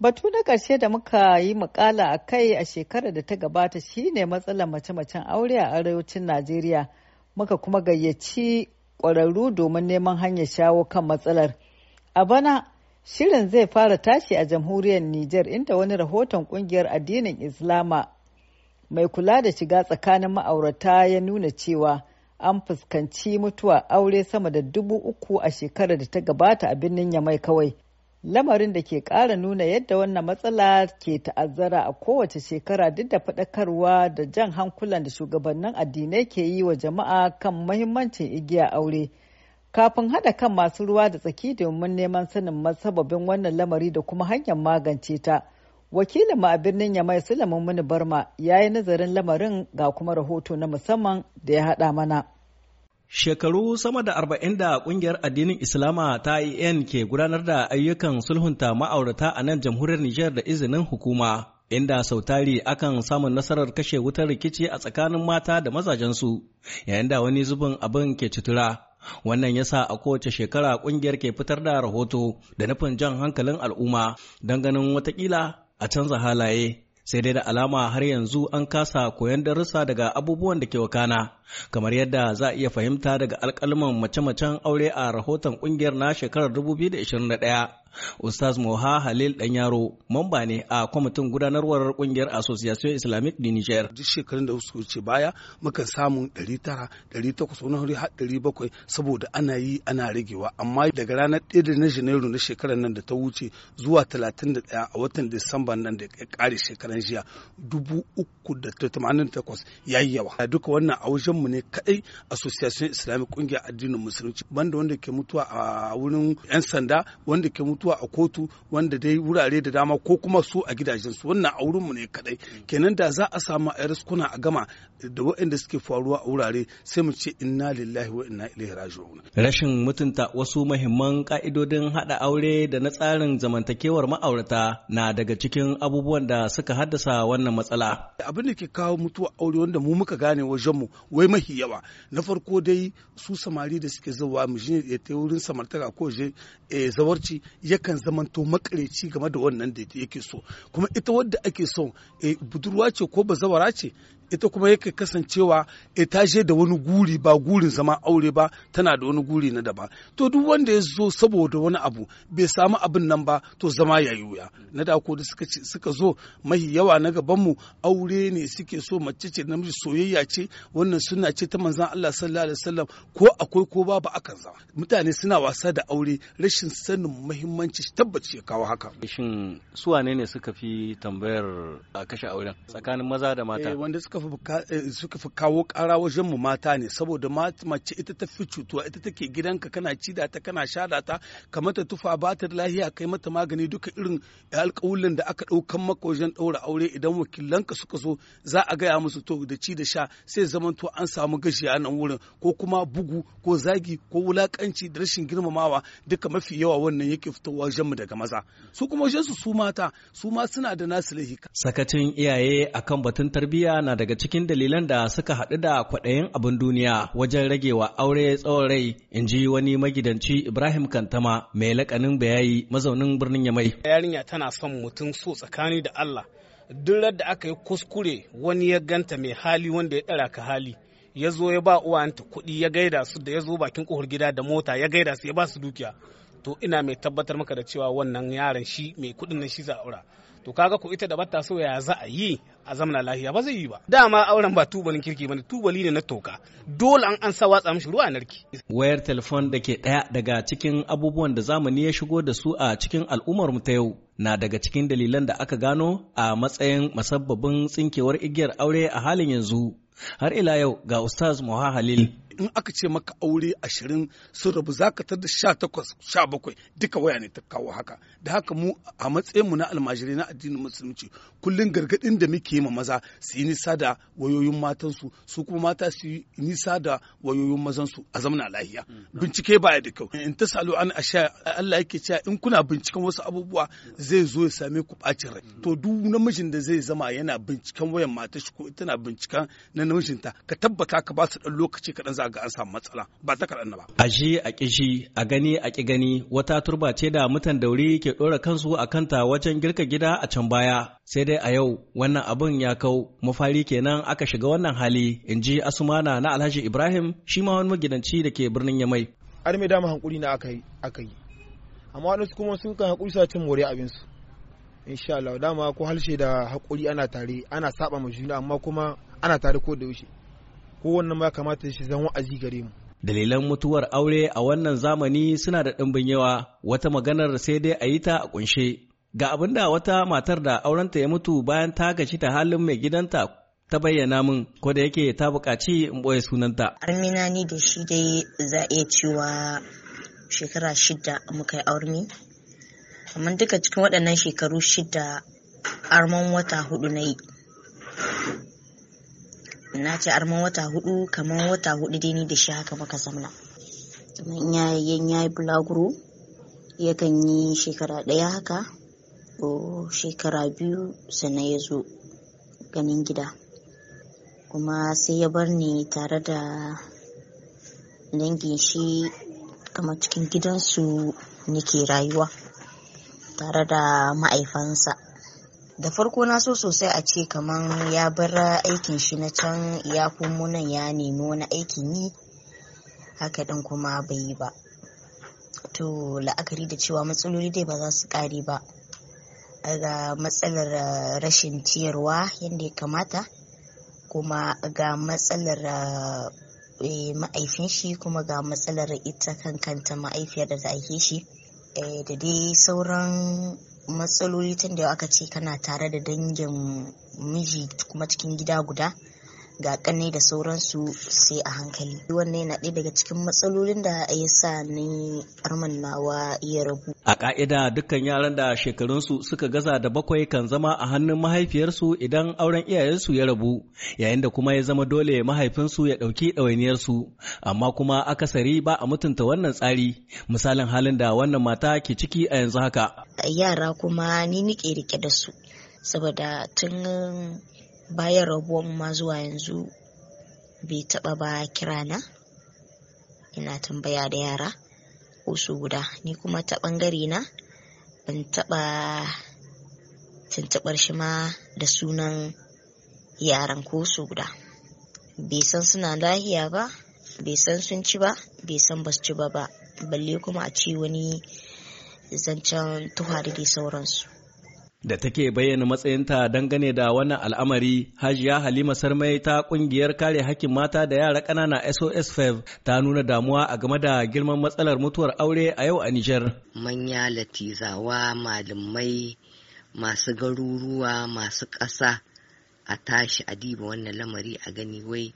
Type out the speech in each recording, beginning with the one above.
Batu na ƙarshe da muka yi mukala a kai a shekarar da ta gabata shine matsalar mace-macen aure a arewacin Najeriya. Muka kuma gayyaci ƙwararru domin neman hanyar shawo kan matsalar. A bana, shirin zai fara tashi a jamhuriyar Nijar inda wani rahoton ƙungiyar addinin Islama mai kula da shiga tsakanin ma'aurata ya nuna cewa an fuskanci mutuwa aure sama da dubu uku a shekarar da ta gabata a birnin Yamai kawai. lamarin da ke ƙara nuna yadda wannan matsala ke ta'azzara a kowace shekara duk da faɗakarwa da jan hankulan da shugabannin addinai ke yi wa jama'a kan mahimmancin igiya aure kafin haɗa kan masu ruwa da tsaki domin neman sanin masababin wannan lamari da kuma hanyar magance ta wakilin mu a birnin yamai sulaiman muni barma ya yi nazarin lamarin ga kuma rahoto na musamman da ya haɗa mana. Shekaru sama da arba'in da kungiyar addinin Islama ta IN ke gudanar da ayyukan sulhunta ma'aurata a nan jamhuriyar Nijar da izinin hukuma, inda sau tari akan samun nasarar kashe wutar rikici a tsakanin mata da mazajensu, yayin da wani zubin abin ke cutura, Wannan ya sa a kowace shekara kungiyar ke fitar da rahoto da nufin jan hankalin al'umma don ganin watakila a canza halaye. sai dai da alama har yanzu an kasa koyon darussa daga abubuwan da ke wakana kamar yadda za a iya fahimta daga alkalman mace-macen aure a rahoton kungiyar na shekarar 2021 Ustaz Moha Halil Dan Yaro mamba ne a kwamitin gudanarwar kungiyar Association Islamic di Niger. Duk shekarun da su ce baya muka samu 900, 800, 700 saboda ana yi ana ragewa amma daga ranar 1 da na Janairu na shekarar nan da ta wuce zuwa 31 a watan Disamba nan da ya kare shekaran jiya 388 yayi yawa. Duka wannan a wajen mu ne kadai Association Islamic kungiyar addinin musulunci banda wanda ke mutuwa a wurin 'yan sanda wanda ke mutuwa mutuwa a kotu wanda dai wurare da dama ko kuma su a gidajensu wannan a wurinmu ne kadai kenan da za a samu a kuna a gama da waɗanda suke faruwa a wurare sai mu ce inna lillahi wa inna ilaihi raji'un rashin mutunta wasu muhimman ka'idodin hada aure da na tsarin zamantakewar ma'aurata na daga cikin abubuwan da suka haddasa wannan matsala abin da ke kawo mutuwa aure wanda mu muka gane wajen mu wai mahi yawa na farko dai su samari da suke zawa mu ya ta wurin samartaka ko je eh, zawarci ya yakan zamanto makareci game da wannan da yake so kuma ita wadda ake so eh, budurwa ce ko bazawara ce ita kuma yake kasancewa ita je da wani guri ba gurin zama aure ba tana da wani guri na daban to duk wanda ya zo saboda wani abu bai samu abin nan ba to zama ya yi wuya na da ko da suka zo mahi yawa na gaban mu aure ne suke so mace ce namiji soyayya ce wannan suna ce ta manzon Allah sallallahu alaihi wasallam ko akwai ko babu akan zama mutane suna wasa da aure rashin sanin muhimmanci tabbaci ya kawo haka shin su wane ne suka fi tambayar a kashe auren tsakanin maza da mata eh, Eh, suka fi kawo kara wajen mu mata ne saboda mace ita ta fi cutuwa ita take gidanka kana ci da ta kana sha da ta ta tufa ba ta lahiya kai mata magani duka irin alƙawulin da aka ɗaukan maka wajen ɗaura aure idan wakilanka suka zo za a gaya musu to da ci da sha sai zaman to an samu gashi a nan wurin ko kuma bugu ko zagi ko wulakanci da rashin girmamawa duka mafi yawa wannan yake fitowa wajen mu daga maza su kuma wajen su su mata su ma suna da nasu lahi sakacin iyaye akan batun tarbiyya na da daga cikin dalilan da suka haɗu da kwaɗayin abin duniya wajen rage wa aure tsawon rai in ji wani magidanci Ibrahim Kantama mai laƙanin bayayi mazaunin birnin Yamai. Yarinya tana son mutum so tsakani da Allah. Duk da aka yi kuskure wani ya ganta mai hali wanda ya ɗara ka hali. ya zo ya ba uwanta kuɗi ya gaida su da ya zo bakin kohar gida da mota ya gaida su ya ba su dukiya to ina mai tabbatar maka da cewa wannan yaran shi mai kuɗin nan shi za to kaga ko ita da bata so ya za a yi a zamana lahiya ba zai yi ba dama auren ba tubalin kirki bane tubali ne na toka dole an an sa watsa mishi ruwa narki wayar telefon da ke daya daga cikin abubuwan da zamani ya shigo da su a cikin al'ummar mu ta yau na daga cikin dalilan da aka gano a matsayin masabbabin tsinkewar igiyar aure a halin yanzu har ila yau ga ustaz Muha Halil in aka ce maka aure ashirin sun rabu za ka tar da sha takwas sha bakwai duka waya ne ta kawo haka da haka mu a matsayin mu na almajiri na addinin musulunci kullum gargadin da muke ma maza su yi nisa da wayoyin matansu su kuma mata su yi nisa da wayoyin mazansu a zamana lahiya mm, bincike baya da kyau in ta salo an asha Allah yake cewa in kuna binciken wasu abubuwa zai zo ya same ku bacin rai mm. to duk namijin da zai zama yana binciken wayan matashi ko tana binciken na namijinta ka tabbata ka ba su dan lokaci kaɗan za za ga an samu matsala ba ta kaɗan ba. A shi a kishi a gani a ƙi gani wata turba ce da mutan dauri ke ɗora kansu a kanta wajen girka gida a can baya sai dai a yau wannan abin ya kau mafari kenan aka shiga wannan hali in ji asumana na alhaji Ibrahim shi ma wani magidanci da ke birnin Yamai. An mai dama hankuri na aka yi amma waɗansu kuma sun kan haƙuri sa cin more abinsu. Insha Allah dama ko halshe da hakuri ana tare ana saba ma juna amma kuma ana tare ko da yaushe. wannan ma kamata shi zan wa'azi gare mu dalilan mutuwar aure a wannan zamani suna da ɗimbin yawa wata maganar sai dai a yi ta a ƙunshe ga abin da wata matar da aurenta ya mutu bayan ta gaci ta halin mai gidanta ta bayyana min ko da yake ta buƙaci in ɓoye sunanta armina ni da shi dai za a iya cewa shekara shida muka yi aurmi amma duka cikin waɗannan shekaru shida arman wata hudu na yi na ce arman wata hudu kamar wata hudu dai ni da shi haka muka zamna sannan yayin ya yi bulaguro yakan yi shekara ɗaya haka ko shekara biyu sannan ya zo ganin gida kuma sai ya bar ni tare da dangin shi kamar cikin gidansu nake rayuwa tare da ma'aifansa da farko na so sosai a ce kamar ya bar aikin shi na can ya komo nan ya nemi wani aikin yi haka din kuma bai yi ba to la'akari da cewa matsaloli dai ba za su kare ba ga matsalar eh, rashin ciyarwa yadda ya kamata kuma ga matsalar eh, eh, ma'aifin shi kuma ga matsalar ita kankanta ma'aifiyar da ta aike shi da dai sauran matsaloli tun da aka ce kana tare da dangin miji kuma cikin gida guda ga kanne da sauransu sai a hankali wannan yana ɗaya daga cikin matsalolin da ya sa ni arman ya rabu a ka'ida dukkan yaran da shekarunsu suka gaza da bakwai kan zama a hannun mahaifiyarsu idan auren iyayensu ya rabu yayin da kuma ya zama dole mahaifinsu ya ɗauki ɗawainiyarsu amma kuma akasari ba a mutunta wannan tsari misalin halin da wannan mata ke ciki a yanzu haka yara kuma ni nike rike da su saboda tun bayan rabuwan ma zuwa yanzu bai taɓa ba kira na ina tambaya da yara ko su guda ni kuma ta ɓangare na ban taɓa tuntuɓar shi ma da sunan yaran ko su guda bai san suna lahiya ba bai san sun ci ba bai san basu ci ba ba balle kuma a ce wani zancen tuhari da sauransu da take bayyana matsayinta dangane da wannan al'amari hajiya halima sarmai ta kungiyar kare hakkin mata da yara ƙanana sos 5 e ta nuna damuwa a game da girman matsalar mutuwar aure a yau a nijar manya latizawa malamai masu garuruwa masu ƙasa a tashi a diba wannan lamari a gani wai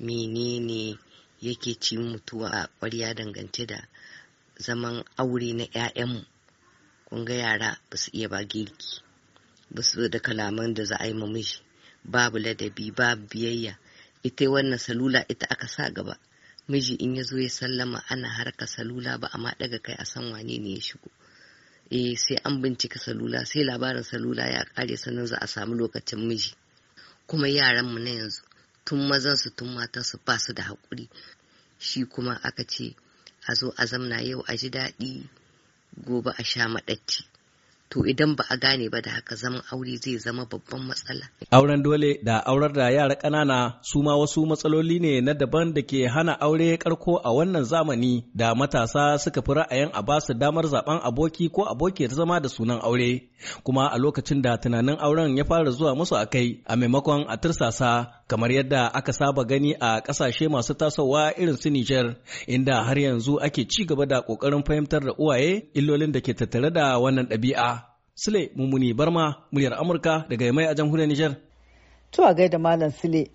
menene yake ci mutuwa a ƙwarya dangance da zaman aure na 'ya'yanmu kun ga yara ba su iya ba girki basu da kalaman da za a yi ma miji babu ladabi babu biyayya ita wannan salula ita aka sa gaba miji in ya zo ya sallama ana harka salula ba amma daga kai a san wane ne ya shigo E, sai an bincika salula sai labarin salula ya kare sannan za a samu lokacin miji kuma yaran mu na yanzu tun mazan su tun matan su ba su da hakuri shi kuma aka ce a zo a zamna yau a ji daɗi gobe a sha maɗacci to idan ba a gane ba da haka zaman aure zai zama babban matsala. Auren dole da aurar da yara ƙanana su ma wasu matsaloli ne na daban da ke hana aure karko a wannan zamani da matasa suka fi ra'ayin a basu damar zaben aboki ko abokiyar zama da sunan aure kuma a lokacin da tunanin auren ya fara zuwa musu a kai a maimakon a tirsasa kamar yadda aka saba gani a ƙasashe masu tasowa irin su Nijar inda har yanzu ake ci gaba da ƙoƙarin fahimtar da uwaye illolin da ke tattare da wannan ɗabi'a. Sule Mummuni Barma, muryar Amurka daga mai a jamhuriyar Nijar. To a gaida Malam Sule.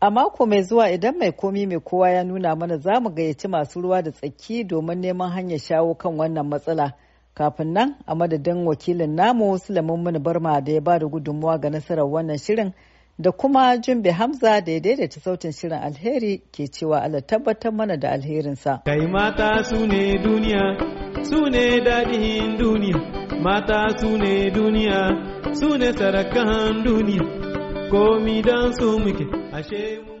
A mako mai zuwa idan mai komi mai kowa ya nuna mana za mu gayyaci masu ruwa da tsaki domin neman hanyar shawo kan wannan matsala. Kafin nan a madadin wakilin namu Sule Mummuni Barma da ya ba da gudunmuwa ga nasarar wannan shirin. da kuma Jumbe Hamza da ya sautin shirin alheri ke cewa Allah tabbatar mana da alherinsa. Kai mata su ne duniya, su ne daɗin duniya, mata su ne duniya, su ne sarakan duniya, komi don su muke, ashe mu.